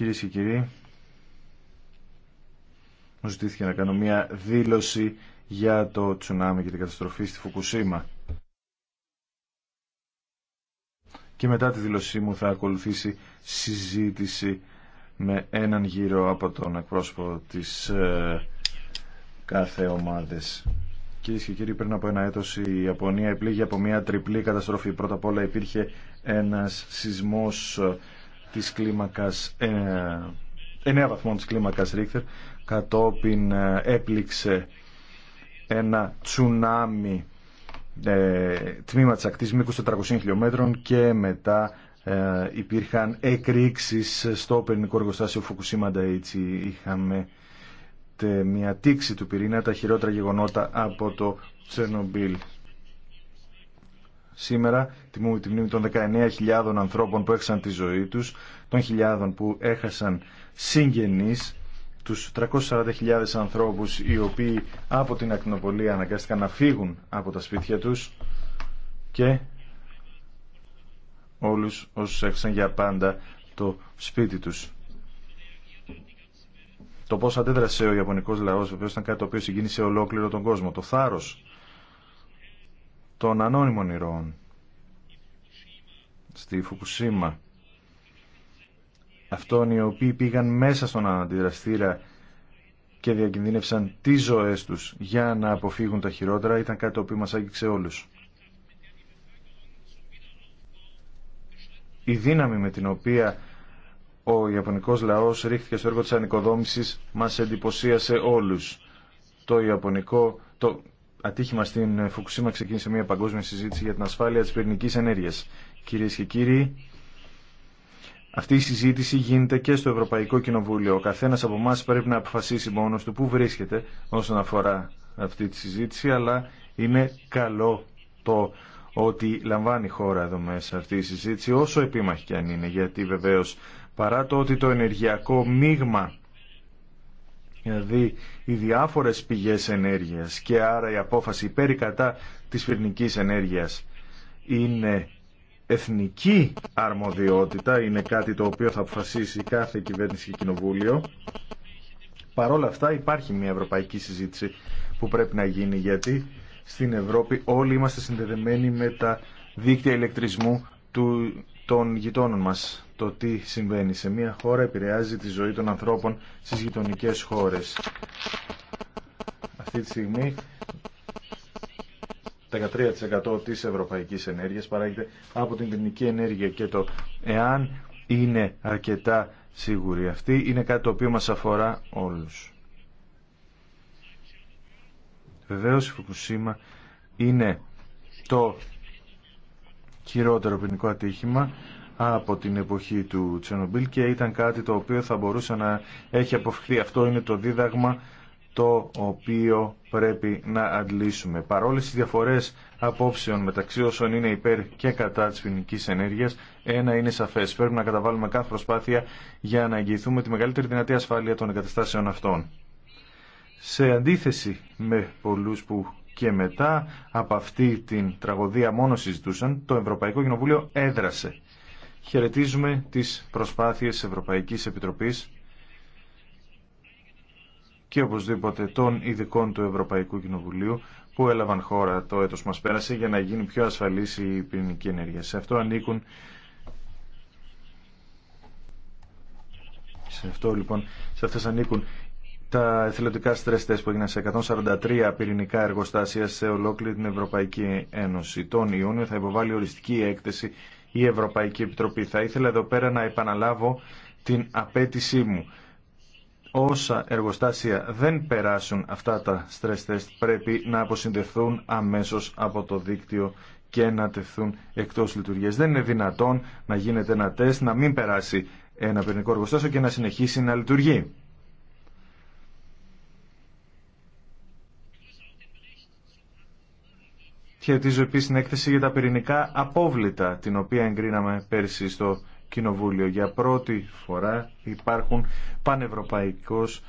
Κυρίε και κύριοι, μου ζητήθηκε να κάνω μια δήλωση για το τσουνάμι και την καταστροφή στη Φουκουσίμα. Και μετά τη δήλωσή μου θα ακολουθήσει συζήτηση με έναν γύρο από τον εκπρόσωπο της ε, κάθε ομάδες. Κυρίε και κύριοι, πριν από ένα έτος η Ιαπωνία επλήγει από μια τριπλή καταστροφή. Πρώτα απ' όλα υπήρχε ένα σεισμό της κλίμακας, 9 ε, βαθμών της κλίμακας Ρίχτερ, κατόπιν ε, έπληξε ένα τσουνάμι ε, τμήμα της ακτής μήκους 400 χιλιόμετρων και μετά υπήρχαν εκρήξεις στο πυρηνικό εργοστάσιο Φουκουσίμα Νταΐτσι. Είχαμε μια τήξη του πυρήνα, τα χειρότερα γεγονότα από το Τσενομπίλ σήμερα τιμούμε τη μνήμη των 19.000 ανθρώπων που έχασαν τη ζωή τους, των χιλιάδων που έχασαν συγγενείς, τους 340.000 ανθρώπους οι οποίοι από την ακτινοπολία αναγκάστηκαν να φύγουν από τα σπίτια τους και όλους όσους έχασαν για πάντα το σπίτι τους. Το πώς αντέδρασε ο Ιαπωνικός λαός βεβαίως ήταν κάτι το οποίο συγκίνησε ολόκληρο τον κόσμο. Το θάρρος των ανώνυμων ηρώων στη Φουκουσίμα αυτών οι οποίοι πήγαν μέσα στον αντιδραστήρα και διακινδύνευσαν τις ζωές τους για να αποφύγουν τα χειρότερα ήταν κάτι το οποίο μας άγγιξε όλους. Η δύναμη με την οποία ο Ιαπωνικός λαός ρίχθηκε στο έργο της ανοικοδόμησης μας εντυπωσίασε όλους. Το Ιαπωνικό, το, ατύχημα στην Φουκουσίμα ξεκίνησε μια παγκόσμια συζήτηση για την ασφάλεια της πυρηνικής ενέργειας. Κυρίες και κύριοι, αυτή η συζήτηση γίνεται και στο Ευρωπαϊκό Κοινοβούλιο. Ο καθένας από εμά πρέπει να αποφασίσει μόνος του πού βρίσκεται όσον αφορά αυτή τη συζήτηση, αλλά είναι καλό το ότι λαμβάνει χώρα εδώ μέσα αυτή η συζήτηση, όσο επίμαχη και αν είναι, γιατί βεβαίως παρά το ότι το ενεργειακό μείγμα δηλαδή οι διάφορες πηγές ενέργειας και άρα η απόφαση υπέρ κατά της φυρνικής ενέργειας είναι εθνική αρμοδιότητα, είναι κάτι το οποίο θα αποφασίσει κάθε κυβέρνηση και κοινοβούλιο. Παρ' όλα αυτά υπάρχει μια ευρωπαϊκή συζήτηση που πρέπει να γίνει γιατί στην Ευρώπη όλοι είμαστε συνδεδεμένοι με τα δίκτυα ηλεκτρισμού του των γειτόνων μας. Το τι συμβαίνει σε μια χώρα επηρεάζει τη ζωή των ανθρώπων στις γειτονικές χώρες. Αυτή τη στιγμή 13% της ευρωπαϊκής ενέργειας παράγεται από την ελληνική ενέργεια και το εάν είναι αρκετά σίγουρη αυτή είναι κάτι το οποίο μας αφορά όλους. Βεβαίως η Φουκουσίμα είναι το χειρότερο ποινικό ατύχημα από την εποχή του Τσενομπίλ και ήταν κάτι το οποίο θα μπορούσε να έχει αποφευχθεί. Αυτό είναι το δίδαγμα το οποίο πρέπει να αντλήσουμε. Παρόλες τις διαφορές απόψεων μεταξύ όσων είναι υπέρ και κατά της ποινική ενέργειας, ένα είναι σαφές. Πρέπει να καταβάλουμε κάθε προσπάθεια για να εγγυηθούμε τη μεγαλύτερη δυνατή ασφάλεια των εγκαταστάσεων αυτών. Σε αντίθεση με πολλούς που και μετά από αυτή την τραγωδία μόνο συζητούσαν, το Ευρωπαϊκό Κοινοβούλιο έδρασε. Χαιρετίζουμε τις προσπάθειες Ευρωπαϊκής Επιτροπής και οπωσδήποτε των ειδικών του Ευρωπαϊκού Κοινοβουλίου που έλαβαν χώρα το έτος μας πέρασε για να γίνει πιο ασφαλής η πυρηνική ενέργεια. Σε αυτό ανήκουν σε αυτό λοιπόν, σε αυτές ανήκουν τα εθελοντικά στρες τεστ που έγιναν σε 143 πυρηνικά εργοστάσια σε ολόκληρη την Ευρωπαϊκή Ένωση. Τον Ιούνιο θα υποβάλει οριστική έκθεση η Ευρωπαϊκή Επιτροπή. Θα ήθελα εδώ πέρα να επαναλάβω την απέτησή μου. Όσα εργοστάσια δεν περάσουν αυτά τα stress test πρέπει να αποσυνδεθούν αμέσως από το δίκτυο και να τεθούν εκτός λειτουργίας. Δεν είναι δυνατόν να γίνεται ένα τεστ, να μην περάσει ένα πυρηνικό εργοστάσιο και να συνεχίσει να λειτουργεί. Χαιρετίζω επίση την έκθεση για τα πυρηνικά απόβλητα, την οποία εγκρίναμε πέρσι στο Κοινοβούλιο. Για πρώτη φορά υπάρχουν πανευρωπαϊκώς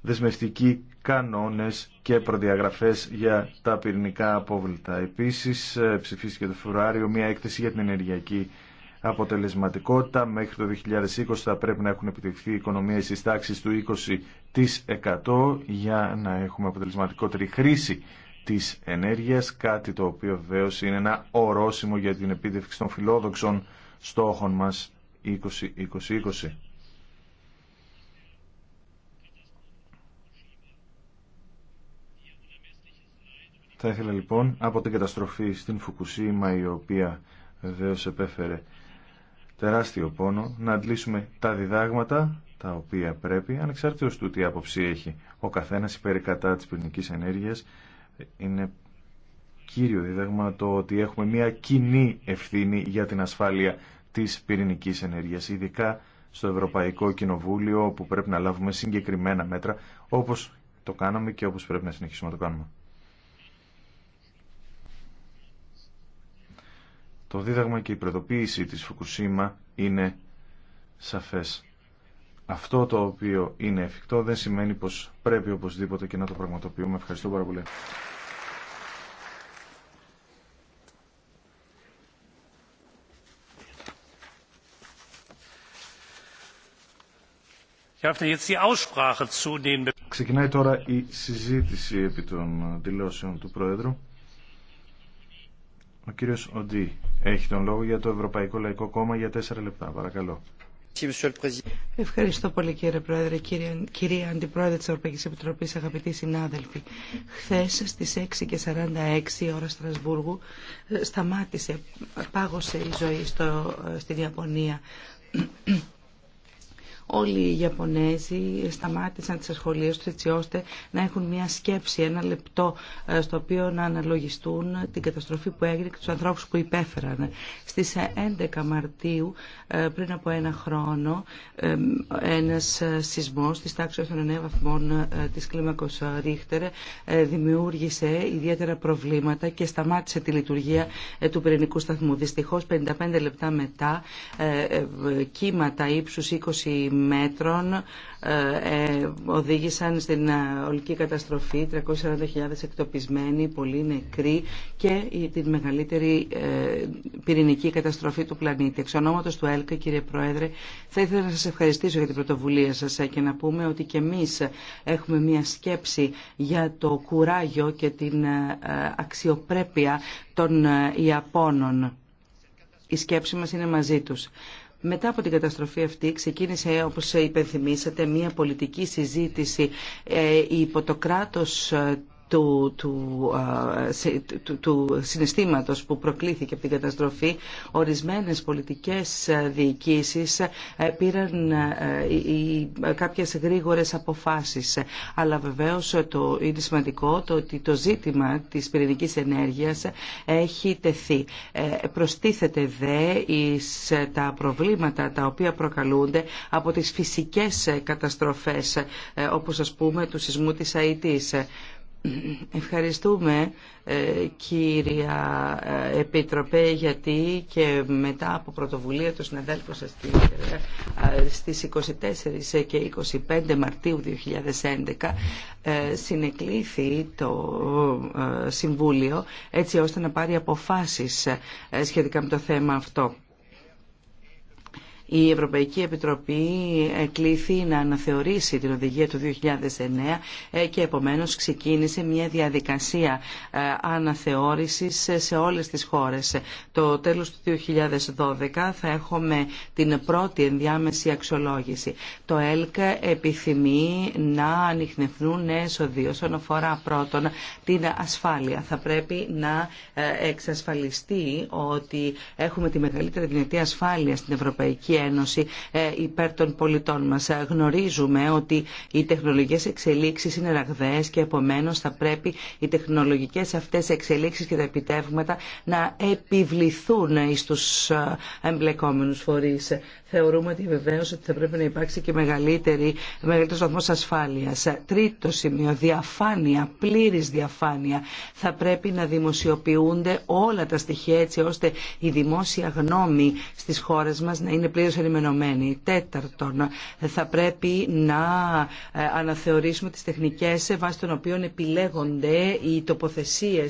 δεσμευτικοί κανόνες και προδιαγραφές για τα πυρηνικά απόβλητα. Επίσης ε, ψηφίστηκε το Φεβρουάριο μια έκθεση για την ενεργειακή αποτελεσματικότητα. Μέχρι το 2020 θα πρέπει να έχουν επιτευχθεί οικονομίες στις τάξεις του 20% για να έχουμε αποτελεσματικότερη χρήση της ενέργειας, κάτι το οποίο βεβαίω είναι ένα ορόσημο για την επίτευξη των φιλόδοξων στόχων μας 2020. 20 Θα ήθελα λοιπόν από την καταστροφή στην Φουκουσίμα η οποία βεβαίως επέφερε τεράστιο πόνο να αντλήσουμε τα διδάγματα τα οποία πρέπει ανεξάρτητος του τι άποψη έχει ο καθένας υπέρ κατά της πυρηνικής ενέργειας είναι κύριο διδάγμα το ότι έχουμε μια κοινή ευθύνη για την ασφάλεια της πυρηνικής ενέργειας, ειδικά στο Ευρωπαϊκό Κοινοβούλιο όπου πρέπει να λάβουμε συγκεκριμένα μέτρα όπως το κάναμε και όπως πρέπει να συνεχίσουμε να το κάνουμε. Το δίδαγμα και η προεδοποίηση της Φουκουσίμα είναι σαφές αυτό το οποίο είναι εφικτό δεν σημαίνει πως πρέπει οπωσδήποτε και να το πραγματοποιούμε. Ευχαριστώ πάρα πολύ. Ξεκινάει τώρα η συζήτηση επί των δηλώσεων του Πρόεδρου. Ο κύριος Οντί έχει τον λόγο για το Ευρωπαϊκό Λαϊκό Κόμμα για τέσσερα λεπτά. Παρακαλώ. Ευχαριστώ πολύ κύριε Πρόεδρε, κύριε, κυρία Αντιπρόεδρε της Ευρωπαϊκής Επιτροπής, αγαπητοί συνάδελφοι. Χθες στις 6.46 ώρα Στρασβούργου σταμάτησε, πάγωσε η ζωή στο, στην Ιαπωνία. Όλοι οι Ιαπωνέζοι σταμάτησαν τις ασχολίες τους έτσι ώστε να έχουν μια σκέψη, ένα λεπτό ε, στο οποίο να αναλογιστούν την καταστροφή που έγινε και τους ανθρώπους που υπέφεραν. Στις 11 ε, Μαρτίου ε, πριν από ένα χρόνο ένας σεισμός της τάξης των 9 βαθμών της κλίμακος Ρίχτερ δημιούργησε ιδιαίτερα προβλήματα και σταμάτησε τη λειτουργία του πυρηνικού σταθμού. Δυστυχώς 55 λεπτά μετά κύματα ύψους 20 μέτρων ε, ε, οδήγησαν στην ε, ολική καταστροφή 340.000 εκτοπισμένοι, πολλοί νεκροί και την μεγαλύτερη πυρηνική καταστροφή του πλανήτη. Εξ ονόματος του ΕΛΚΑ, κύριε Πρόεδρε, θα ήθελα να σας ευχαριστήσω για την πρωτοβουλία σας και να πούμε ότι και εμείς έχουμε μια σκέψη για το κουράγιο και την αξιοπρέπεια των Ιαπώνων. Η σκέψη μας είναι μαζί τους. Μετά από την καταστροφή αυτή ξεκίνησε, όπως υπενθυμίσατε, μια πολιτική συζήτηση ε, υπό το κράτος ε, του, συναισθήματο που προκλήθηκε από την καταστροφή, ορισμένες πολιτικές διοικήσεις πήραν κάποιες γρήγορες αποφάσεις. Αλλά βεβαίως το, είναι σημαντικό το ότι το ζήτημα της πυρηνικής ενέργειας έχει τεθεί. Ε, προστίθεται δε εις ε, τα προβλήματα τα οποία προκαλούνται από τις φυσικές ε, καταστροφές, όπως ας πούμε του σεισμού της Αιτή. Ευχαριστούμε ε, κύρια ε, Επίτροπε γιατί και μετά από πρωτοβουλία του συναδέλφου σας ε, στις 24 και 25 Μαρτίου 2011 συνεκλήθη το Συμβούλιο έτσι ώστε να πάρει αποφάσεις σχετικά με το θέμα αυτό. Η Ευρωπαϊκή Επιτροπή κλήθη να αναθεωρήσει την οδηγία του 2009 ε, και επομένως ξεκίνησε μια διαδικασία ε, αναθεώρησης σε όλες τις χώρες. Το τέλος του 2012 θα έχουμε την πρώτη ενδιάμεση αξιολόγηση. Το ΕΛΚ επιθυμεί να ανοιχνευτούν νέες οδοί όσον αφορά πρώτον την ασφάλεια. Θα πρέπει να ε, εξασφαλιστεί ότι έχουμε τη μεγαλύτερη δυνατή ασφάλεια στην Ευρωπαϊκή Ένωση ε, υπέρ των πολιτών μας. Γνωρίζουμε ότι οι τεχνολογικές εξελίξεις είναι ραγδαίες και επομένως θα πρέπει οι τεχνολογικές αυτές εξελίξεις και τα επιτεύγματα να επιβληθούν τους ε, εμπλεκόμενους φορείς θεωρούμε ότι βεβαίω ότι θα πρέπει να υπάρξει και μεγαλύτερη, μεγαλύτερος βαθμό ασφάλειας. Τρίτο σημείο, διαφάνεια, πλήρης διαφάνεια. Θα πρέπει να δημοσιοποιούνται όλα τα στοιχεία έτσι ώστε η δημόσια γνώμη στις χώρες μας να είναι πλήρως ενημερωμένη. Τέταρτον, θα πρέπει να ε, αναθεωρήσουμε τι τεχνικέ σε των οποίων επιλέγονται οι τοποθεσίε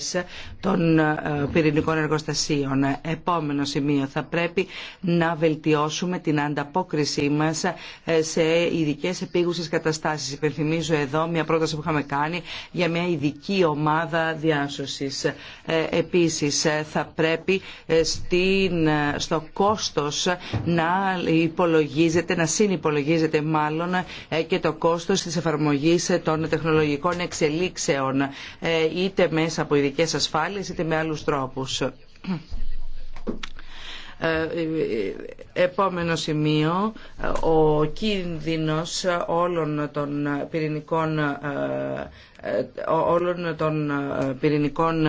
των ε, πυρηνικών εργοστασίων. Επόμενο σημείο, θα πρέπει να βελτιώσουμε την την ανταπόκρισή μα ε, σε ειδικέ επίγουσες καταστάσεις. Υπενθυμίζω εδώ μια πρόταση που είχαμε κάνει για μια ειδική ομάδα διάσωση. Ε, επίσης ε, θα πρέπει στην, στο κόστος να υπολογίζεται, να συνυπολογίζεται μάλλον και το κόστος της εφαρμογής των τεχνολογικών εξελίξεων είτε μέσα από ειδικέ ασφάλειε είτε με άλλους τρόπους. Ε, ε, επόμενο σημείο, ο κίνδυνος όλων των πυρηνικών ε, όλων των πυρηνικών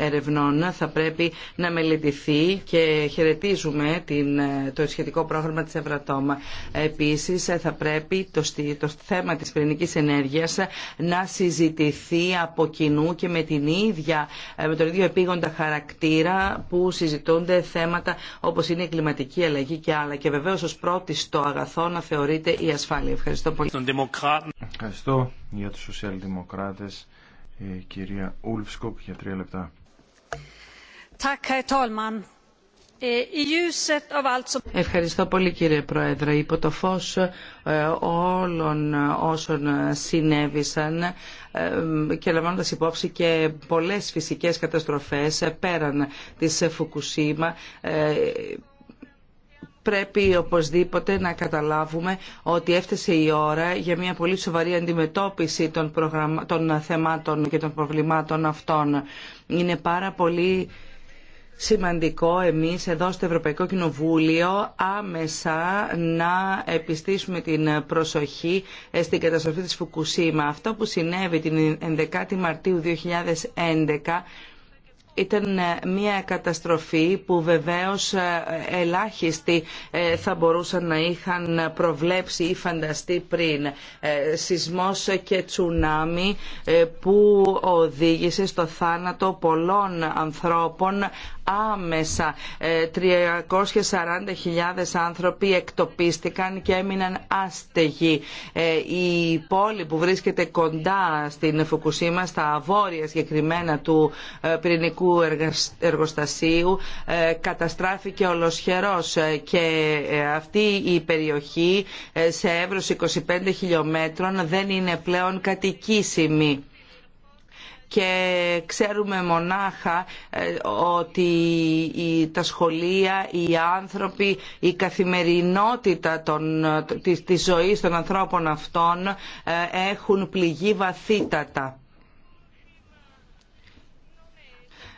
ερευνών θα πρέπει να μελετηθεί και χαιρετίζουμε την, το σχετικό πρόγραμμα της Ευρατόμα. Επίσης θα πρέπει το, το θέμα της πυρηνικής ενέργειας να συζητηθεί από κοινού και με, την ίδια, με τον ίδιο επίγοντα χαρακτήρα που συζητούνται θέματα όπως είναι η κλιματική αλλαγή και άλλα. Και βεβαίως ως πρώτη στο αγαθό να θεωρείται η ασφάλεια. Ευχαριστώ πολύ. Ευχαριστώ για τους σοσιαλδημοκράτες, κυρία Ούλφσκοπ για τρία λεπτά. Ευχαριστώ πολύ κύριε Πρόεδρε. Υπό το φως ε, όλων όσων συνέβησαν ε, και λαμβάνοντας υπόψη και πολλές φυσικές καταστροφές ε, πέραν της Φουκουσίμα πρέπει οπωσδήποτε να καταλάβουμε ότι έφτασε η ώρα για μια πολύ σοβαρή αντιμετώπιση των, των θεμάτων και των προβλημάτων αυτών. Είναι πάρα πολύ σημαντικό εμείς εδώ στο Ευρωπαϊκό Κοινοβούλιο άμεσα να επιστήσουμε την προσοχή ε, στην καταστροφή της Φουκουσίμα. Αυτό που συνέβη την 11η Μαρτίου 2011 ήταν ε, μια καταστροφή που βεβαίως ε, ελάχιστοι ε, θα μπορούσαν να είχαν προβλέψει ή φανταστεί πριν. Σεισμός και τσουνάμι που οδήγησε στο θάνατο πολλών ανθρώπων άμεσα. 340.000 άνθρωποι εκτοπίστηκαν και έμειναν άστεγοι. Η πόλη που βρίσκεται κοντά στην Φουκουσίμα, στα βόρεια συγκεκριμένα του πυρηνικού εργοστασίου ε, καταστράφηκε ολοσχερός ε, και ε, αυτή η περιοχή σε εύρος 25 χιλιόμετρων δεν είναι πλέον κατοικήσιμη και ξέρουμε μονάχα ότι τα σχολεία, οι άνθρωποι, η καθημερινότητα των, της, της ζωής των ανθρώπων αυτών έχουν πληγεί βαθύτατα.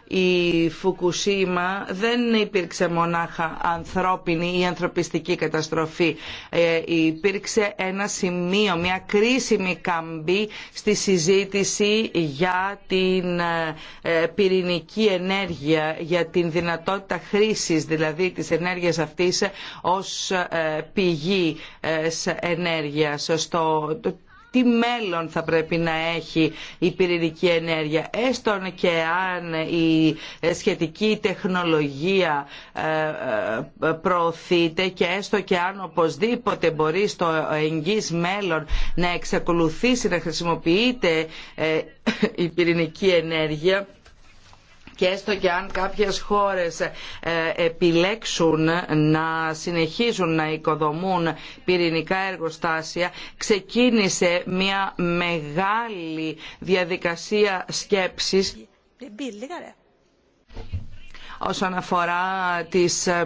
η Φουκουσίμα δεν υπήρξε μονάχα ανθρώπινη ή ανθρωπιστική καταστροφή. Ε, υπήρξε ένα σημείο, μια κρίσιμη καμπή στη συζήτηση για την ε, πυρηνική ενέργεια, για την δυνατότητα χρήσης δηλαδή της ενέργειας αυτής ως ε, πηγή ε, ενέργειας. Στο, τι μέλλον θα πρέπει να έχει η πυρηνική ενέργεια. έστω και αν η σχετική τεχνολογία ε, ε, προωθείται και έστω και αν οπωσδήποτε μπορεί στο εγγύς μέλλον να εξακολουθήσει να χρησιμοποιείται ε, η πυρηνική ενέργεια και έστω και αν κάποιες χώρες ε, επιλέξουν να συνεχίζουν να οικοδομούν πυρηνικά εργοστάσια ξεκίνησε μια μεγάλη διαδικασία σκέψης όσον αφορά τις ε,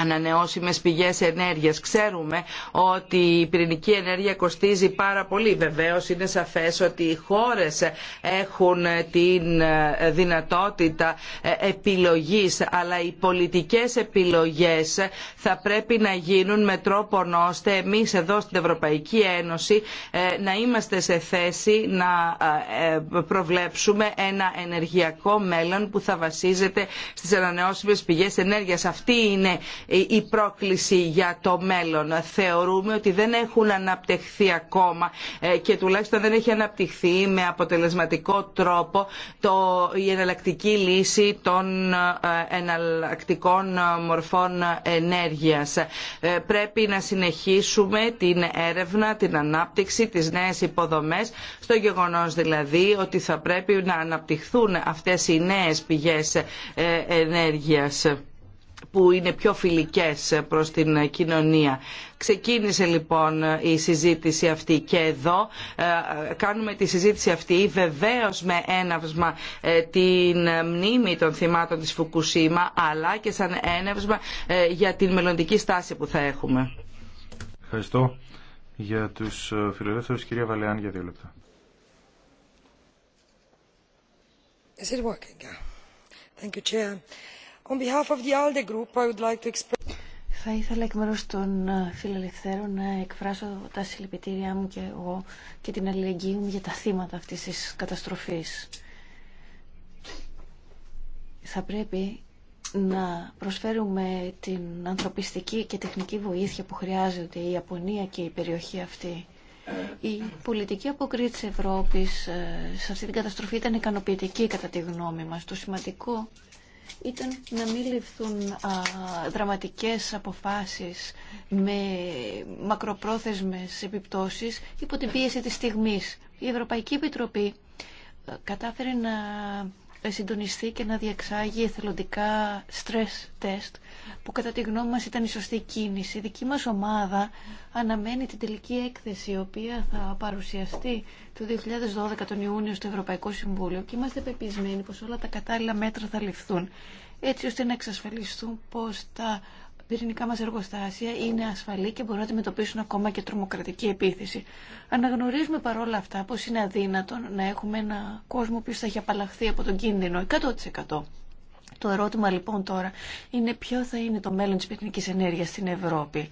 ανανεώσιμες πηγές ενέργειας. Ξέρουμε ότι η πυρηνική ενέργεια κοστίζει πάρα πολύ. Βεβαίως είναι σαφές ότι οι χώρες έχουν την δυνατότητα επιλογής, αλλά οι πολιτικές επιλογές θα πρέπει να γίνουν με τρόπο ώστε εμείς εδώ στην Ευρωπαϊκή Ένωση ε, να είμαστε σε θέση να ε, προβλέψουμε ένα ενεργειακό μέλλον που θα βασίζεται στις ανανεώσιμες πηγές ενέργειας. Αυτή είναι ε, η πρόκληση για το μέλλον. Θεωρούμε ότι δεν έχουν αναπτυχθεί ακόμα ε, και τουλάχιστον δεν έχει αναπτυχθεί με αποτελεσματικό τρόπο το, η εναλλακτική λύση των ε, εναλλακτικών μορφών ενέργειας. Πρέπει να συνεχίσουμε την έρευνα, την ανάπτυξη, τις νέες υποδομές, στο γεγονός δηλαδή ότι θα πρέπει να αναπτυχθούν αυτές οι νέες πηγές ενέργειας που είναι πιο φιλικές προς την κοινωνία. Ξεκίνησε λοιπόν η συζήτηση αυτή και εδώ ε, κάνουμε τη συζήτηση αυτή βεβαίως με έναυσμα ε, την μνήμη των θυμάτων της Φουκουσίμα αλλά και σαν έναυσμα ε, για την μελλοντική στάση που θα έχουμε. Ευχαριστώ. Για τους φιλελεύθερους, κυρία Βαλεάν, για δύο λεπτά. Θα ήθελα εκ μέρους των ε, φιλελευθέρων να εκφράσω τα συλληπιτήριά μου και εγώ και την αλληλεγγύη μου για τα θύματα αυτής της καταστροφής. Θα πρέπει να προσφέρουμε την ανθρωπιστική και τεχνική βοήθεια που χρειάζεται η Ιαπωνία και η περιοχή αυτή. Η πολιτική αποκρίτηση της Ευρώπης ε, σε αυτή την καταστροφή ήταν ικανοποιητική κατά τη γνώμη μας. Το σημαντικό ήταν να μην ληφθούν α, δραματικές αποφάσεις με μακροπρόθεσμες επιπτώσεις υπό την πίεση της στιγμής. Η Ευρωπαϊκή Επιτροπή ε, κατάφερε να ε, συντονιστεί και να διεξάγει εθελοντικά stress test που κατά τη γνώμη μας ήταν η σωστή κίνηση. Η δική μας ομάδα αναμένει την τελική έκθεση η οποία θα παρουσιαστεί το 2012 τον Ιούνιο στο Ευρωπαϊκό Συμβούλιο και είμαστε πεπισμένοι πως όλα τα κατάλληλα μέτρα θα ληφθούν έτσι ώστε να εξασφαλιστούν πως τα πυρηνικά μας εργοστάσια είναι ασφαλή και μπορούν να αντιμετωπίσουν ακόμα και τρομοκρατική επίθεση. Αναγνωρίζουμε παρόλα αυτά πως είναι αδύνατο να έχουμε ένα κόσμο που θα έχει απαλλαχθεί από τον κίνδυνο 100%. Το ερώτημα λοιπόν τώρα είναι ποιο θα είναι το μέλλον της πυρηνικής ενέργειας στην Ευρώπη.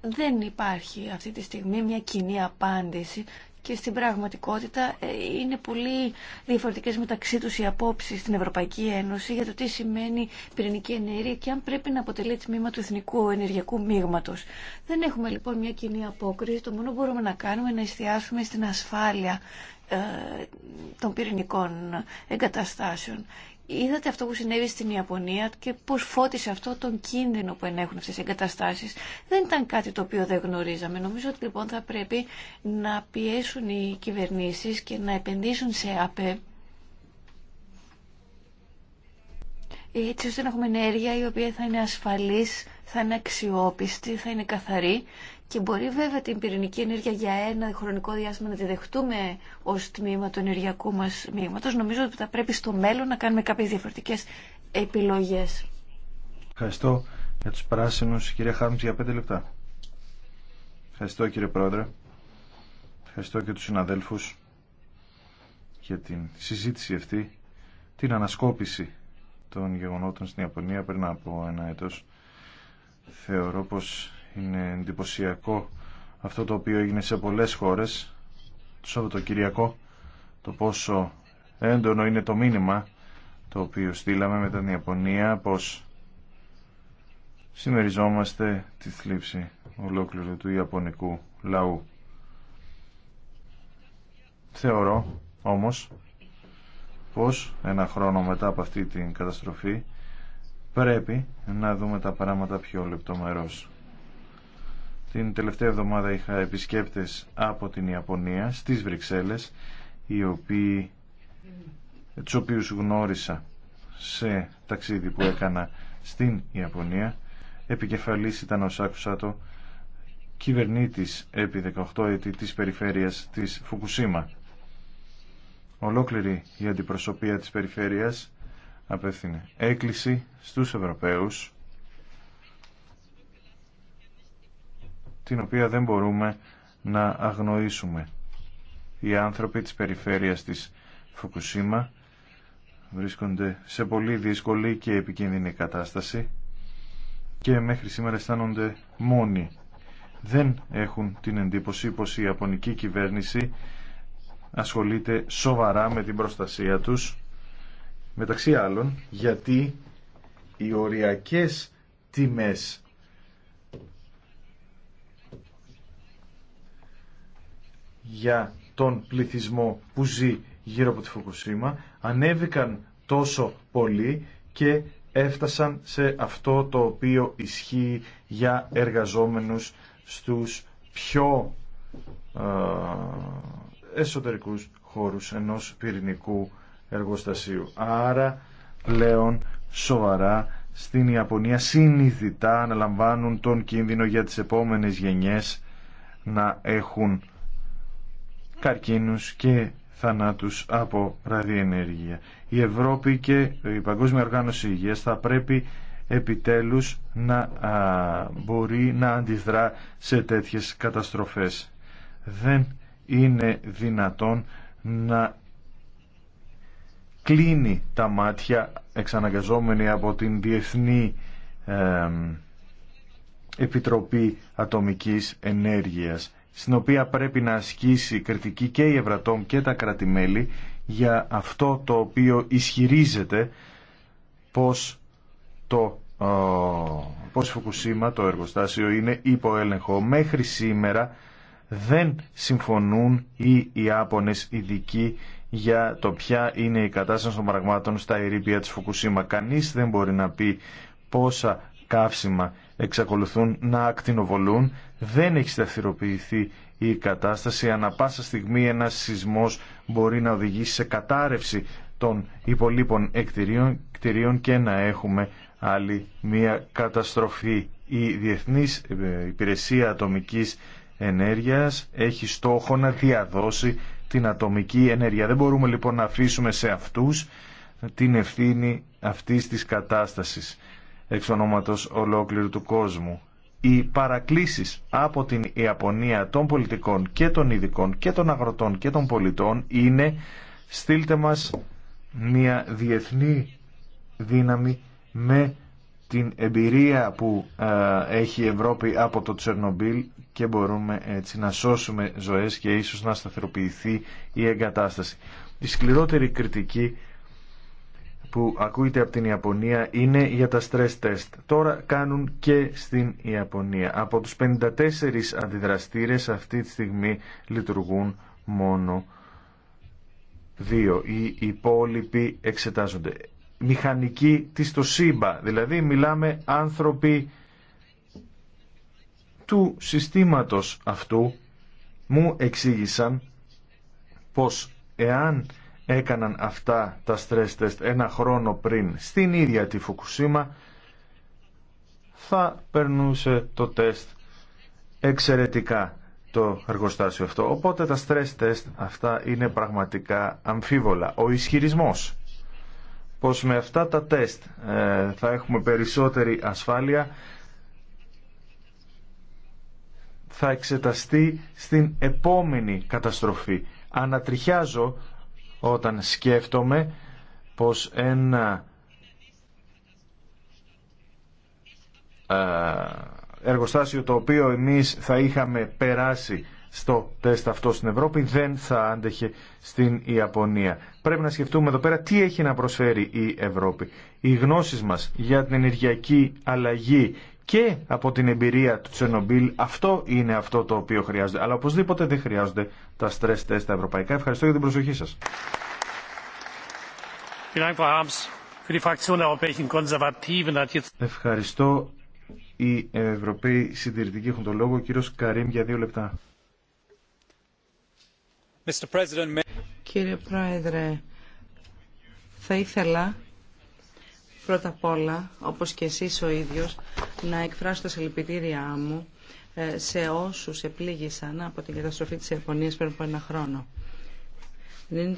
Δεν υπάρχει αυτή τη στιγμή μια κοινή απάντηση και στην πραγματικότητα ε, είναι πολύ διαφορετικές μεταξύ τους οι απόψεις στην Ευρωπαϊκή Ένωση για το τι σημαίνει πυρηνική ενέργεια και αν πρέπει να αποτελεί τμήμα του εθνικού ενεργειακού μείγματος. Δεν έχουμε λοιπόν μια κοινή απόκριση. Το μόνο που μπορούμε να κάνουμε είναι να εστιάσουμε στην ασφάλεια ε, των πυρηνικών εγκαταστάσεων είδατε αυτό που συνέβη στην Ιαπωνία και πώς φώτισε αυτό τον κίνδυνο που ενέχουν αυτέ οι εγκαταστάσεις. Δεν ήταν κάτι το οποίο δεν γνωρίζαμε. Νομίζω ότι λοιπόν θα πρέπει να πιέσουν οι κυβερνήσεις και να επενδύσουν σε ΑΠΕ έτσι ώστε να έχουμε ενέργεια η οποία θα είναι ασφαλής, θα είναι αξιόπιστη, θα είναι καθαρή και μπορεί βέβαια την πυρηνική ενέργεια για ένα χρονικό διάστημα να τη δεχτούμε ως τμήμα του ενεργειακού μας μείγματος. Νομίζω ότι θα πρέπει στο μέλλον να κάνουμε κάποιες διαφορετικές επιλογές. Ευχαριστώ για τους πράσινους. Κυρία Χάμψη για πέντε λεπτά. Ευχαριστώ κύριε Πρόεδρε. Ευχαριστώ και τους συναδέλφους για την συζήτηση αυτή, την ανασκόπηση των γεγονότων στην Ιαπωνία πριν από ένα έτος. Θεωρώ πως είναι εντυπωσιακό αυτό το οποίο έγινε σε πολλές χώρες το Σαββατοκυριακό το πόσο έντονο είναι το μήνυμα το οποίο στείλαμε με την Ιαπωνία πως συμμεριζόμαστε τη θλίψη ολόκληρου του Ιαπωνικού λαού. Θεωρώ όμως πως ένα χρόνο μετά από αυτή την καταστροφή πρέπει να δούμε τα πράγματα πιο λεπτομερώς. Την τελευταία εβδομάδα είχα επισκέπτες από την Ιαπωνία στις Βρυξέλλες οι οποίοι, τους γνώρισα σε ταξίδι που έκανα στην Ιαπωνία επικεφαλής ήταν ο Σάκουσάτο κυβερνήτης επί 18 ετή της περιφέρειας της Φουκουσίμα ολόκληρη η αντιπροσωπεία της περιφέρειας απεύθυνε έκκληση στους Ευρωπαίους την οποία δεν μπορούμε να αγνοήσουμε. Οι άνθρωποι της περιφέρειας της Φουκουσίμα βρίσκονται σε πολύ δύσκολη και επικίνδυνη κατάσταση και μέχρι σήμερα αισθάνονται μόνοι. Δεν έχουν την εντύπωση πως η Ιαπωνική κυβέρνηση ασχολείται σοβαρά με την προστασία τους, μεταξύ άλλων γιατί οι οριακές τιμές για τον πληθυσμό που ζει γύρω από τη Φουκουσίμα ανέβηκαν τόσο πολύ και έφτασαν σε αυτό το οποίο ισχύει για εργαζόμενους στους πιο ε, εσωτερικούς χώρους ενός πυρηνικού εργοστασίου. Άρα πλέον σοβαρά στην Ιαπωνία συνειδητά αναλαμβάνουν τον κίνδυνο για τις επόμενες γενιές να έχουν καρκίνους και θανάτους από ραδιενέργεια. Η Ευρώπη και η Παγκόσμια Οργάνωση Υγείας θα πρέπει επιτέλους να μπορεί να αντιδρά σε τέτοιες καταστροφές. Δεν είναι δυνατόν να κλείνει τα μάτια εξαναγκαζόμενη από την Διεθνή Επιτροπή Ατομικής Ενέργειας στην οποία πρέπει να ασκήσει κριτική και η Ευρατόμ και τα κρατημέλη για αυτό το οποίο ισχυρίζεται πως το ε, πως Φουκουσίμα το εργοστάσιο είναι υπό έλεγχο μέχρι σήμερα δεν συμφωνούν οι Ιάπωνες ειδικοί για το ποια είναι η κατάσταση των πραγμάτων στα ερήπια της Φουκουσίμα. Κανείς δεν μπορεί να πει πόσα καύσιμα εξακολουθούν να ακτινοβολούν. Δεν έχει σταθεροποιηθεί η κατάσταση. Ανα πάσα στιγμή ένας σεισμός μπορεί να οδηγήσει σε κατάρρευση των υπολείπων εκτηρίων, και να έχουμε άλλη μια καταστροφή. Η Διεθνής ε, Υπηρεσία Ατομικής ενέργειας έχει στόχο να διαδώσει την ατομική ενέργεια. Δεν μπορούμε λοιπόν να αφήσουμε σε αυτούς την ευθύνη αυτής της κατάστασης εξ ονόματος ολόκληρου του κόσμου. Οι παρακλήσεις από την Ιαπωνία των πολιτικών και των ειδικών και των αγροτών και των πολιτών είναι στείλτε μας μια διεθνή δύναμη με την εμπειρία που ε, έχει η Ευρώπη από το Τσερνομπίλ και μπορούμε έτσι να σώσουμε ζωές και ίσως να σταθεροποιηθεί η εγκατάσταση. Η σκληρότερη κριτική που ακούγεται από την Ιαπωνία είναι για τα stress test. Τώρα κάνουν και στην Ιαπωνία. Από τους 54 αντιδραστήρες αυτή τη στιγμή λειτουργούν μόνο δύο. Οι υπόλοιποι εξετάζονται μηχανική της το ΣΥΜΠΑ. Δηλαδή μιλάμε άνθρωποι του συστήματος αυτού μου εξήγησαν πως εάν έκαναν αυτά τα stress test ένα χρόνο πριν στην ίδια τη Φουκουσίμα θα περνούσε το τεστ εξαιρετικά το εργοστάσιο αυτό. Οπότε τα stress test αυτά είναι πραγματικά αμφίβολα. Ο ισχυρισμός πως με αυτά τα τεστ ε, θα έχουμε περισσότερη ασφάλεια θα εξεταστεί στην επόμενη καταστροφή. Ανατριχιάζω όταν σκέφτομαι πως ένα ε, εργοστάσιο το οποίο εμείς θα είχαμε περάσει στο τεστ αυτό στην Ευρώπη δεν θα άντεχε στην Ιαπωνία. Πρέπει να σκεφτούμε εδώ πέρα τι έχει να προσφέρει η Ευρώπη. Οι γνώσεις μας για την ενεργειακή αλλαγή και από την εμπειρία του Τσενομπίλ αυτό είναι αυτό το οποίο χρειάζεται. Αλλά οπωσδήποτε δεν χρειάζονται τα stress test τα ευρωπαϊκά. Ευχαριστώ για την προσοχή σας. Ευχαριστώ. Οι Ευρωπαίοι συντηρητικοί έχουν το λόγο. Ο κύριος Καρύμ για δύο λεπτά. Κύριε Πρόεδρε, θα ήθελα πρώτα απ' όλα, όπως και εσείς ο ίδιος, να εκφράσω τα συλληπιτήριά μου ε, σε όσους επλήγησαν από την καταστροφή της Ιαπωνίας πριν από ένα χρόνο. 90.000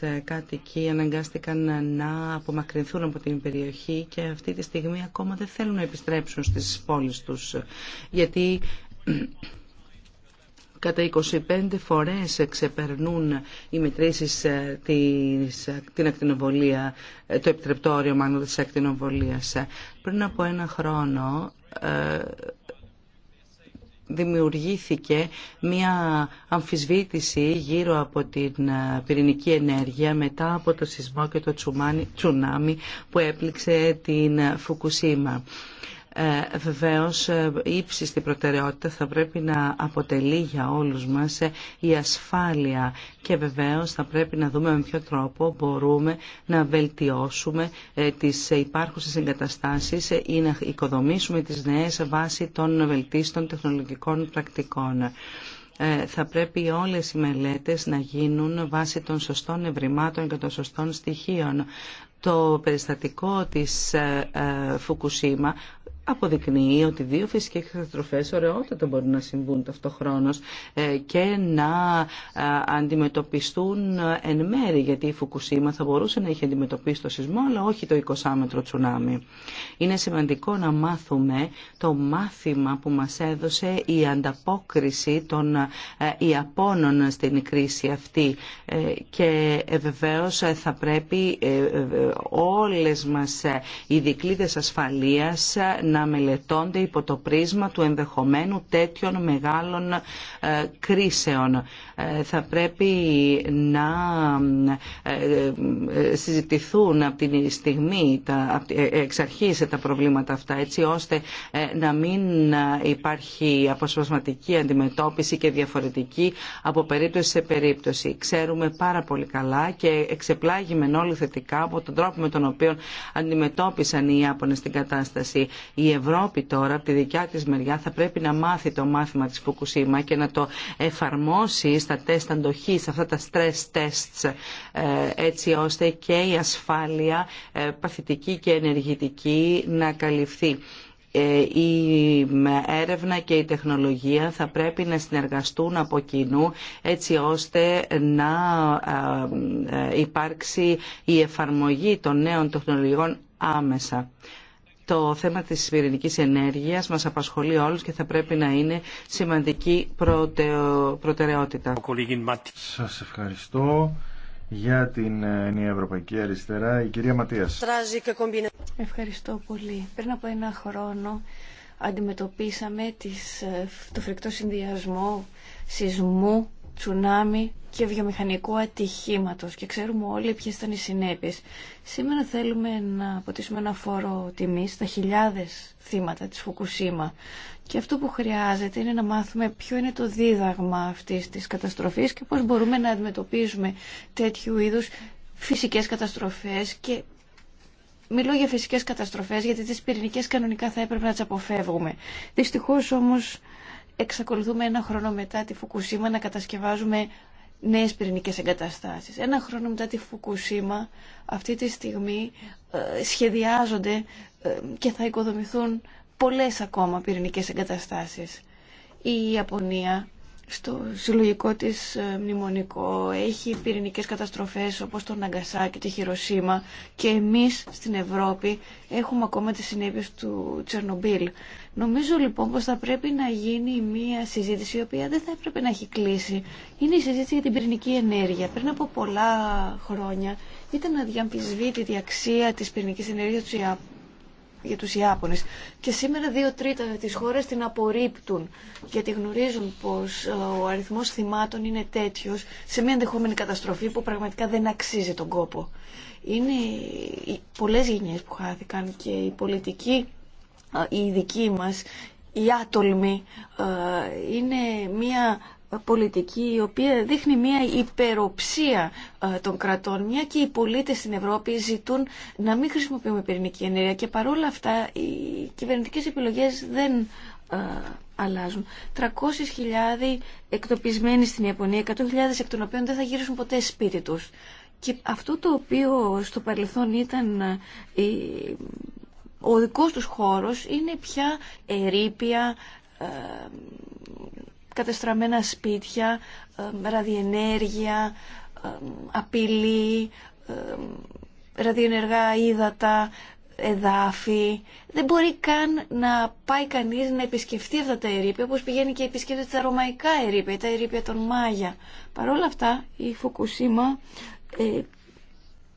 ε, κάτοικοι αναγκάστηκαν να απομακρυνθούν από την περιοχή και αυτή τη στιγμή ακόμα δεν θέλουν να επιστρέψουν στις πόλεις τους γιατί κατά 25 φορές ξεπερνούν οι μετρήσεις ε, της, ε, την ακτινοβολία, ε, το επιτρεπτό όριο μάλλον της ακτινοβολίας. Πριν από ένα χρόνο δημιουργήθηκε μια αμφισβήτηση γύρω από την πυρηνική ενέργεια μετά από το σεισμό και το τσουνάμι που έπληξε την Φουκουσίμα. Ε, βεβαίως ε, ύψιστη προτεραιότητα θα πρέπει να αποτελεί για όλους μας ε, η ασφάλεια και βεβαίως θα πρέπει να δούμε με ποιο τρόπο μπορούμε να βελτιώσουμε τις υπάρχουσες εγκαταστάσεις ή να οικοδομήσουμε τις νέες βάσει των βελτίστων τεχνολογικών πρακτικών θα πρέπει όλες οι μελέτες να γίνουν βάσει των σωστών ευρημάτων και των σωστών στοιχείων. Το περιστατικό της Φουκουσίμα αποδεικνύει ότι δύο φυσικές καταστροφές ωραιότητα μπορούν να συμβούν ταυτοχρόνως ε, και να ε, αντιμετωπιστούν ε, εν μέρη γιατί η Φουκουσίμα θα μπορούσε να είχε αντιμετωπίσει το σεισμό αλλά όχι το 20 μέτρο τσουνάμι. Είναι σημαντικό να μάθουμε το μάθημα που μας έδωσε η ανταπόκριση των Ιαπώνων στην κρίση αυτή και βεβαίω θα πρέπει όλες μας οι δικλείδες ασφαλείας να μελετώνται υπό το πρίσμα του ενδεχομένου τέτοιων μεγάλων ε, κρίσεων. Ε, θα πρέπει να ε, ε, συζητηθούν από την στιγμή εξ αρχής τα προβλήματα αυτά έτσι ώστε να μην υπάρχει αποσπασματική αντιμετώπιση και διαφορετική από περίπτωση σε περίπτωση. Ξέρουμε πάρα πολύ καλά και εξεπλάγημεν όλοι θετικά από τον τρόπο με τον οποίο αντιμετώπισαν οι Ιάπωνες την κατάσταση. Η Ευρώπη τώρα από τη δικιά της μεριά θα πρέπει να μάθει το μάθημα της Φουκουσίμα και να το εφαρμόσει τα τεστ αντοχής, αυτά τα stress tests, ε, έτσι ώστε και η ασφάλεια ε, παθητική και ενεργητική να καλυφθεί ε, η έρευνα και η τεχνολογία θα πρέπει να συνεργαστούν από κοινού έτσι ώστε να υπάρξει η εφαρμογή των νέων τεχνολογιών άμεσα. Το θέμα της πυρηνικής ενέργειας μας απασχολεί όλους και θα πρέπει να είναι σημαντική προτεραιότητα. Σας ευχαριστώ για την ε, Νέα Ευρωπαϊκή Αριστερά, η κυρία Ματίας. Ευχαριστώ πολύ. Πριν από ένα χρόνο αντιμετωπίσαμε ε, το φρικτό συνδυασμό σεισμού τσουνάμι και βιομηχανικού ατυχήματος και ξέρουμε όλοι ποιες ήταν οι συνέπειες. Σήμερα θέλουμε να αποτίσουμε ένα φόρο τιμή στα χιλιάδες θύματα της Φουκουσίμα και αυτό που χρειάζεται είναι να μάθουμε ποιο είναι το δίδαγμα αυτής της καταστροφής και πώς μπορούμε να αντιμετωπίζουμε τέτοιου είδους φυσικές καταστροφές και Μιλώ για φυσικές καταστροφές γιατί τις πυρηνικές κανονικά θα έπρεπε να τι αποφεύγουμε. Δυστυχώ όμως εξακολουθούμε ένα χρόνο μετά τη Φουκουσίμα να κατασκευάζουμε νέες πυρηνικές εγκαταστάσεις. Ένα χρόνο μετά τη Φουκουσίμα αυτή τη στιγμή ε, σχεδιάζονται ε, και θα οικοδομηθούν πολλές ακόμα πυρηνικές εγκαταστάσεις. Η Ιαπωνία στο συλλογικό της ε, μνημονικό έχει πυρηνικές καταστροφές όπως το και τη Χειροσύμα και εμείς στην Ευρώπη έχουμε ακόμα τις συνέπειες του Τσερνομπίλ. Νομίζω λοιπόν πως θα πρέπει να γίνει μια συζήτηση η οποία δεν θα έπρεπε να έχει κλείσει. Είναι η συζήτηση για την πυρηνική ενέργεια. Πριν από πολλά χρόνια ήταν αδιαμφισβήτητη η αξία της πυρηνικής ενέργειας του για τους Ιάπωνες. Και σήμερα δύο τρίτα της χώρας την απορρίπτουν γιατί γνωρίζουν πως ε, ο αριθμός θυμάτων είναι τέτοιος σε μια ενδεχόμενη καταστροφή που πραγματικά δεν αξίζει τον κόπο. Είναι οι πολλές γενιές που χάθηκαν και η πολιτική ε, η δική μας, η άτολμη, ε, είναι μια πολιτική η οποία δείχνει μια υπεροψία ε, των κρατών, μια και οι πολίτες στην Ευρώπη ζητούν να μην χρησιμοποιούμε πυρηνική ενέργεια και παρόλα αυτά οι κυβερνητικές επιλογές δεν αλλάζουν. 300.000 εκτοπισμένοι στην Ιαπωνία, 100.000 εκ των οποίων δεν θα γυρίσουν ποτέ σπίτι τους. Και αυτό το οποίο στο παρελθόν ήταν η ο δικός τους χώρος είναι πια ερήπια, ε, κατεστραμμένα σπίτια, ε, ραδιενέργεια, ε, απειλή, ε, ραδιενεργά ύδατα, εδάφη. Δεν μπορεί καν να πάει κανείς να επισκεφτεί αυτά τα ερήπια, όπως πηγαίνει και επισκέπτεται τα ρωμαϊκά ερήπια, τα ερήπια των Μάγια. Παρ' όλα αυτά, η Φουκουσίμα ε,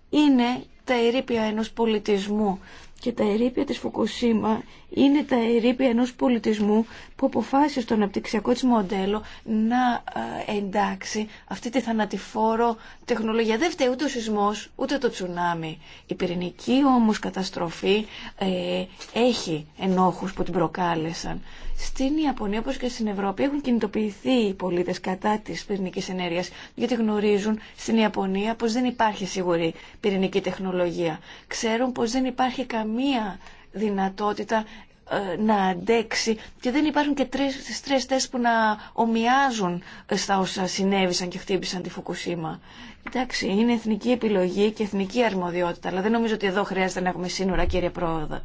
είναι τα ερήπια ενός πολιτισμού και τα ερήπια της Φουκουσίμα είναι τα ερήπια ενός πολιτισμού που αποφάσισε στον αναπτυξιακό της μοντέλο να ε, εντάξει αυτή τη θανατηφόρο τεχνολογία. Δεν φταίει ούτε ο σεισμός ούτε το τσουνάμι. Η πυρηνική όμως καταστροφή ε, έχει ενόχους που την προκάλεσαν. Στην Ιαπωνία όπως και στην Ευρώπη έχουν κινητοποιηθεί οι πολίτες κατά της πυρηνικής ενέργειας γιατί γνωρίζουν στην Ιαπωνία πως δεν υπάρχει σίγουρη πυρηνική τεχνολογία. Ξέρουν πως δεν υπάρχει καμία μια δυνατότητα ε, να αντέξει και δεν υπάρχουν και τρεις, τρεις τεστ που να ομοιάζουν ε, στα όσα συνέβησαν και χτύπησαν τη Φουκουσίμα. Εντάξει, είναι εθνική επιλογή και εθνική αρμοδιότητα, αλλά δεν νομίζω ότι εδώ χρειάζεται να έχουμε σύνορα, κύριε Πρόεδρε.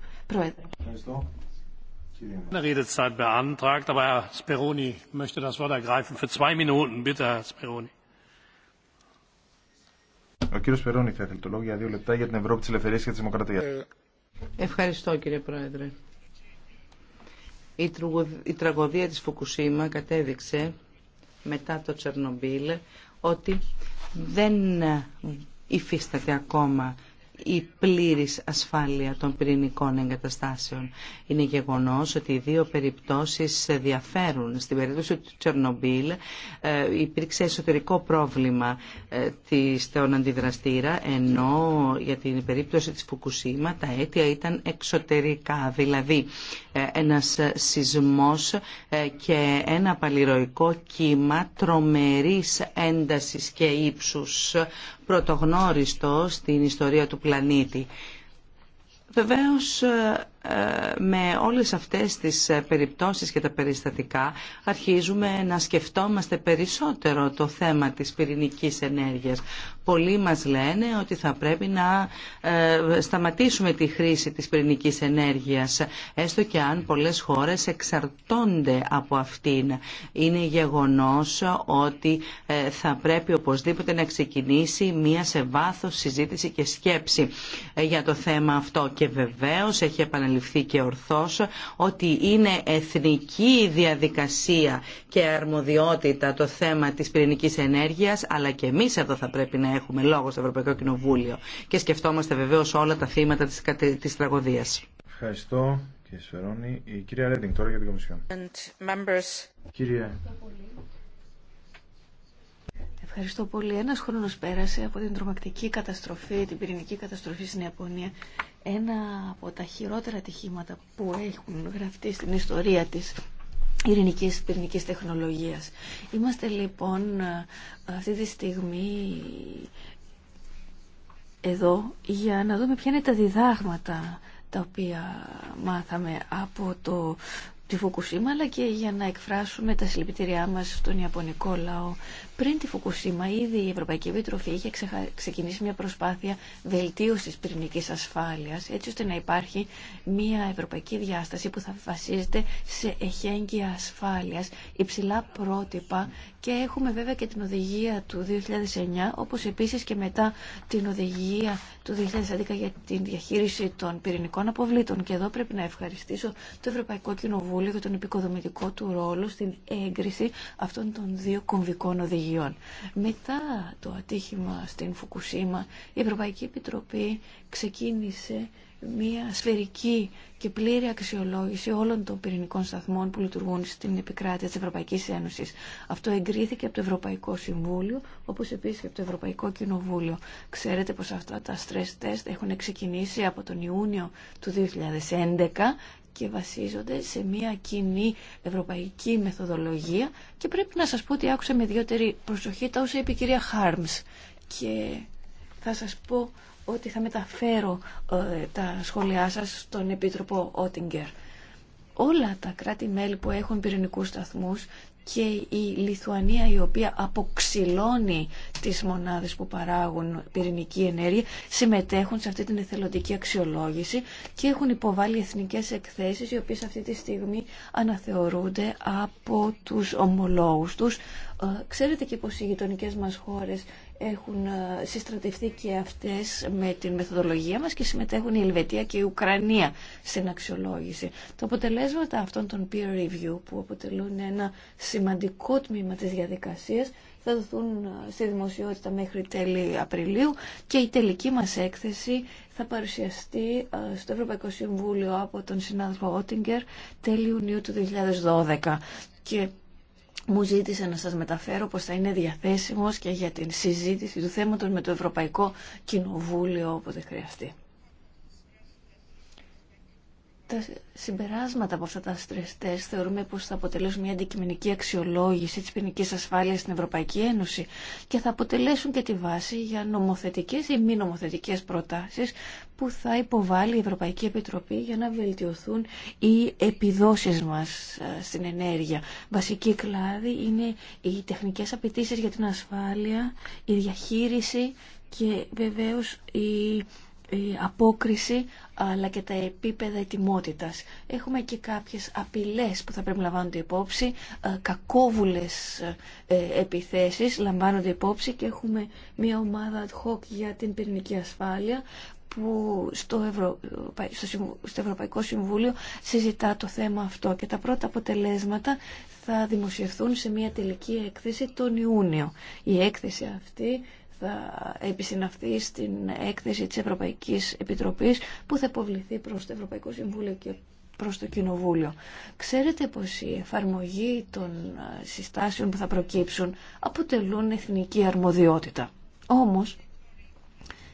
Ευχαριστώ. Ο κύριος Σπερόνι θα ήθελε το λόγο για δύο λεπτά για την Ευρώπη της Ελευθερίας και της Δημοκρατίας. Ε, Ευχαριστώ κύριε Πρόεδρε. Η τραγωδία της Φουκουσίμα κατέδειξε μετά το Τσερνομπίλ ότι δεν υφίσταται ακόμα η πλήρης ασφάλεια των πυρηνικών εγκαταστάσεων. Είναι γεγονός ότι οι δύο περιπτώσεις διαφέρουν. Στην περίπτωση του Τσερνομπίλ ε, υπήρξε εσωτερικό πρόβλημα ε, στον αντιδραστήρα, ενώ για την περίπτωση της Φουκουσίμα τα αίτια ήταν εξωτερικά, δηλαδή ε, ένας σεισμός και ένα παλιροϊκό κύμα τρομερής έντασης και ύψους πρωτογνώριστο στην ιστορία του πλανήτη. Βεβαίως με όλες αυτές τις περιπτώσεις και τα περιστατικά αρχίζουμε να σκεφτόμαστε περισσότερο το θέμα της πυρηνικής ενέργειας. Πολλοί μας λένε ότι θα πρέπει να ε, σταματήσουμε τη χρήση της πυρηνικής ενέργειας, έστω και αν πολλές χώρες εξαρτώνται από αυτήν. Είναι γεγονός ότι ε, θα πρέπει οπωσδήποτε να ξεκινήσει μία σε βάθος συζήτηση και σκέψη ε, για το θέμα αυτό. Και βεβαίως έχει αντιληφθεί και ορθώς ότι είναι εθνική διαδικασία και αρμοδιότητα το θέμα της πυρηνικής ενέργειας αλλά και εμείς εδώ θα πρέπει να έχουμε λόγο στο Ευρωπαϊκό Κοινοβούλιο και σκεφτόμαστε βεβαίως όλα τα θύματα της, της τραγωδίας. Ευχαριστώ. Κύριε Σφερώνη, η κυρία Ρέντινγκ τώρα για την Κομισιόν. Κύριε Ευχαριστώ πολύ. Ένα χρόνος πέρασε από την τρομακτική καταστροφή, την πυρηνική καταστροφή στην Ιαπωνία. Ένα από τα χειρότερα ατυχήματα που έχουν γραφτεί στην ιστορία της ειρηνική πυρηνικής τεχνολογίας. Είμαστε λοιπόν ε, αυτή τη στιγμή εδώ για να δούμε ποια είναι τα διδάγματα τα οποία μάθαμε από το τη Φουκουσίμα αλλά και για να εκφράσουμε τα συλληπιτήριά μας στον Ιαπωνικό λαό πριν τη Φουκουσίμα, ήδη η Ευρωπαϊκή Επιτροφή είχε ξεκινήσει μια προσπάθεια βελτίωσης πυρηνική ασφάλειας, έτσι ώστε να υπάρχει μια ευρωπαϊκή διάσταση που θα βασίζεται σε εχέγγυα ασφάλειας, υψηλά πρότυπα και έχουμε βέβαια και την οδηγία του 2009, όπως επίσης και μετά την οδηγία του 2011 για την διαχείριση των πυρηνικών αποβλήτων. Και εδώ πρέπει να ευχαριστήσω το Ευρωπαϊκό Κοινοβούλιο για τον επικοδομητικό του ρόλο στην έγκριση αυτών των δύο κομβικών οδηγίων. Μετά το ατύχημα στην Φουκουσίμα, η Ευρωπαϊκή Επιτροπή ξεκίνησε μια σφαιρική και πλήρη αξιολόγηση όλων των πυρηνικών σταθμών που λειτουργούν στην επικράτεια της Ευρωπαϊκής Ένωσης. Αυτό εγκρίθηκε από το Ευρωπαϊκό Συμβούλιο, όπως επίσης και από το Ευρωπαϊκό Κοινοβούλιο. Ξέρετε πως αυτά τα stress test έχουν ξεκινήσει από τον Ιούνιο του 2011 και βασίζονται σε μια κοινή ευρωπαϊκή μεθοδολογία και πρέπει να σας πω ότι άκουσα με ιδιαίτερη προσοχή τα όσα είπε η κυρία Χάρμς και θα σας πω ότι θα μεταφέρω ε, τα σχόλιά σας στον Επίτροπο Ότιγκερ. Όλα τα κράτη-μέλη που έχουν πυρηνικούς σταθμούς και η Λιθουανία η οποία αποξυλώνει τις μονάδες που παράγουν πυρηνική ενέργεια συμμετέχουν σε αυτή την εθελοντική αξιολόγηση και έχουν υποβάλει εθνικές εκθέσεις οι οποίες αυτή τη στιγμή αναθεωρούνται από τους ομολόγους τους. Ε, ξέρετε και πως οι γειτονικές μας χώρες έχουν ε, συστρατευτεί και αυτές με την μεθοδολογία μας και συμμετέχουν η Ελβετία και η Ουκρανία στην αξιολόγηση. Τα αποτελέσματα αυτών των peer review που αποτελούν ένα σημαντικό τμήμα της διαδικασίας θα δοθούν ε, στη δημοσιότητα μέχρι τέλη Απριλίου και η τελική μας έκθεση θα παρουσιαστεί ε, στο Ευρωπαϊκό Συμβούλιο από τον συνάδελφο Ότιγκερ τέλη Ιουνίου του 2012 μου ζήτησε να σας μεταφέρω πως θα είναι διαθέσιμος και για την συζήτηση του θέματος με το Ευρωπαϊκό Κοινοβούλιο όποτε χρειαστεί τα συμπεράσματα από αυτά τα stress test θεωρούμε πως θα αποτελέσουν μια αντικειμενική αξιολόγηση της ποινική ασφάλειας στην Ευρωπαϊκή Ένωση και θα αποτελέσουν και τη βάση για νομοθετικές ή μη νομοθετικές προτάσεις που θα υποβάλει η Ευρωπαϊκή Επιτροπή για να βελτιωθούν οι επιδόσεις μας ε, στην ενέργεια. Βασική κλάδη είναι οι τεχνικές απαιτήσει για την ασφάλεια, η διαχείριση και βεβαίως η η απόκριση αλλά και τα επίπεδα ετοιμότητας. Έχουμε και κάποιες απειλές που θα πρέπει να λαμβάνονται υπόψη, ε, κακόβουλες ε, επιθέσεις λαμβάνονται υπόψη και έχουμε μια ομάδα ad hoc για την πυρηνική ασφάλεια που στο, Ευρω... στο Ευρωπαϊκό Συμβούλιο συζητά το θέμα αυτό και τα πρώτα αποτελέσματα θα δημοσιευθούν σε μια τελική έκθεση τον Ιούνιο. Η έκθεση αυτή θα επισυναυθεί στην έκθεση της Ευρωπαϊκής Επιτροπής που θα υποβληθεί προς το Ευρωπαϊκό Συμβούλιο και προς το Κοινοβούλιο. Ξέρετε πως η εφαρμογή των ε, συστάσεων που θα προκύψουν αποτελούν εθνική αρμοδιότητα. Όμως,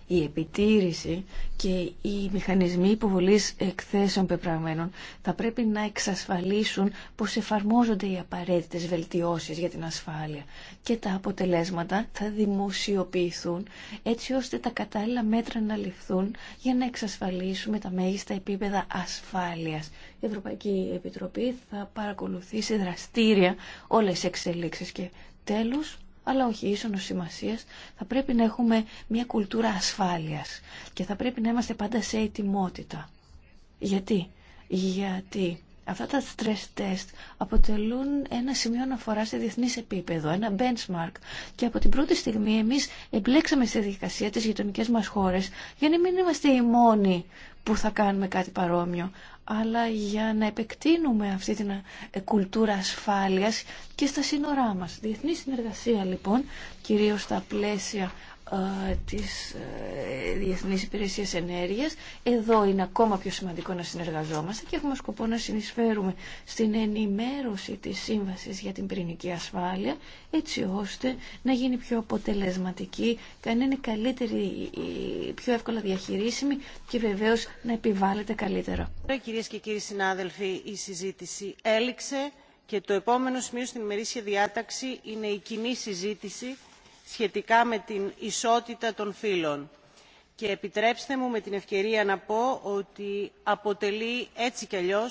η επιτήρηση και οι μηχανισμοί υποβολής εκθέσεων πεπραγμένων θα πρέπει να εξασφαλίσουν πως εφαρμόζονται οι απαραίτητες βελτιώσεις για την ασφάλεια και τα αποτελέσματα θα δημοσιοποιηθούν έτσι ώστε τα κατάλληλα μέτρα να ληφθούν για να εξασφαλίσουμε τα μέγιστα επίπεδα ασφάλειας. Η Ευρωπαϊκή Επιτροπή θα παρακολουθήσει δραστήρια όλες τις εξελίξεις και τέλος αλλά όχι ως σημασίας, θα πρέπει να έχουμε μια κουλτούρα ασφάλειας και θα πρέπει να είμαστε πάντα σε ετοιμότητα. Γιατί? Γιατί αυτά τα stress test αποτελούν ένα σημείο αναφορά σε διεθνή επίπεδο, ένα benchmark. Και από την πρώτη στιγμή εμεί εμπλέξαμε στη διαδικασία τι γειτονικέ μα χώρε για να μην είμαστε οι μόνοι που θα κάνουμε κάτι παρόμοιο, αλλά για να επεκτείνουμε αυτή την ε, κουλτούρα ασφάλειας και στα σύνορά μας. Διεθνή συνεργασία λοιπόν, κυρίως στα πλαίσια της ε, Διεθνής Υπηρεσίας Ενέργειας. Εδώ είναι ακόμα πιο σημαντικό να συνεργαζόμαστε και έχουμε σκοπό να συνεισφέρουμε στην ενημέρωση της Σύμβασης για την Πυρηνική Ασφάλεια έτσι ώστε να γίνει πιο αποτελεσματική, να είναι καλύτερη, πιο εύκολα διαχειρίσιμη και βεβαίως να επιβάλλεται καλύτερα. Κυρίες και κύριοι συνάδελφοι, η συζήτηση έληξε και το επόμενο σημείο στην ημερήσια διάταξη είναι η κοινή συζήτηση σχετικά με την ισότητα των φύλων. Και επιτρέψτε μου με την ευκαιρία να πω ότι αποτελεί έτσι κι αλλιώ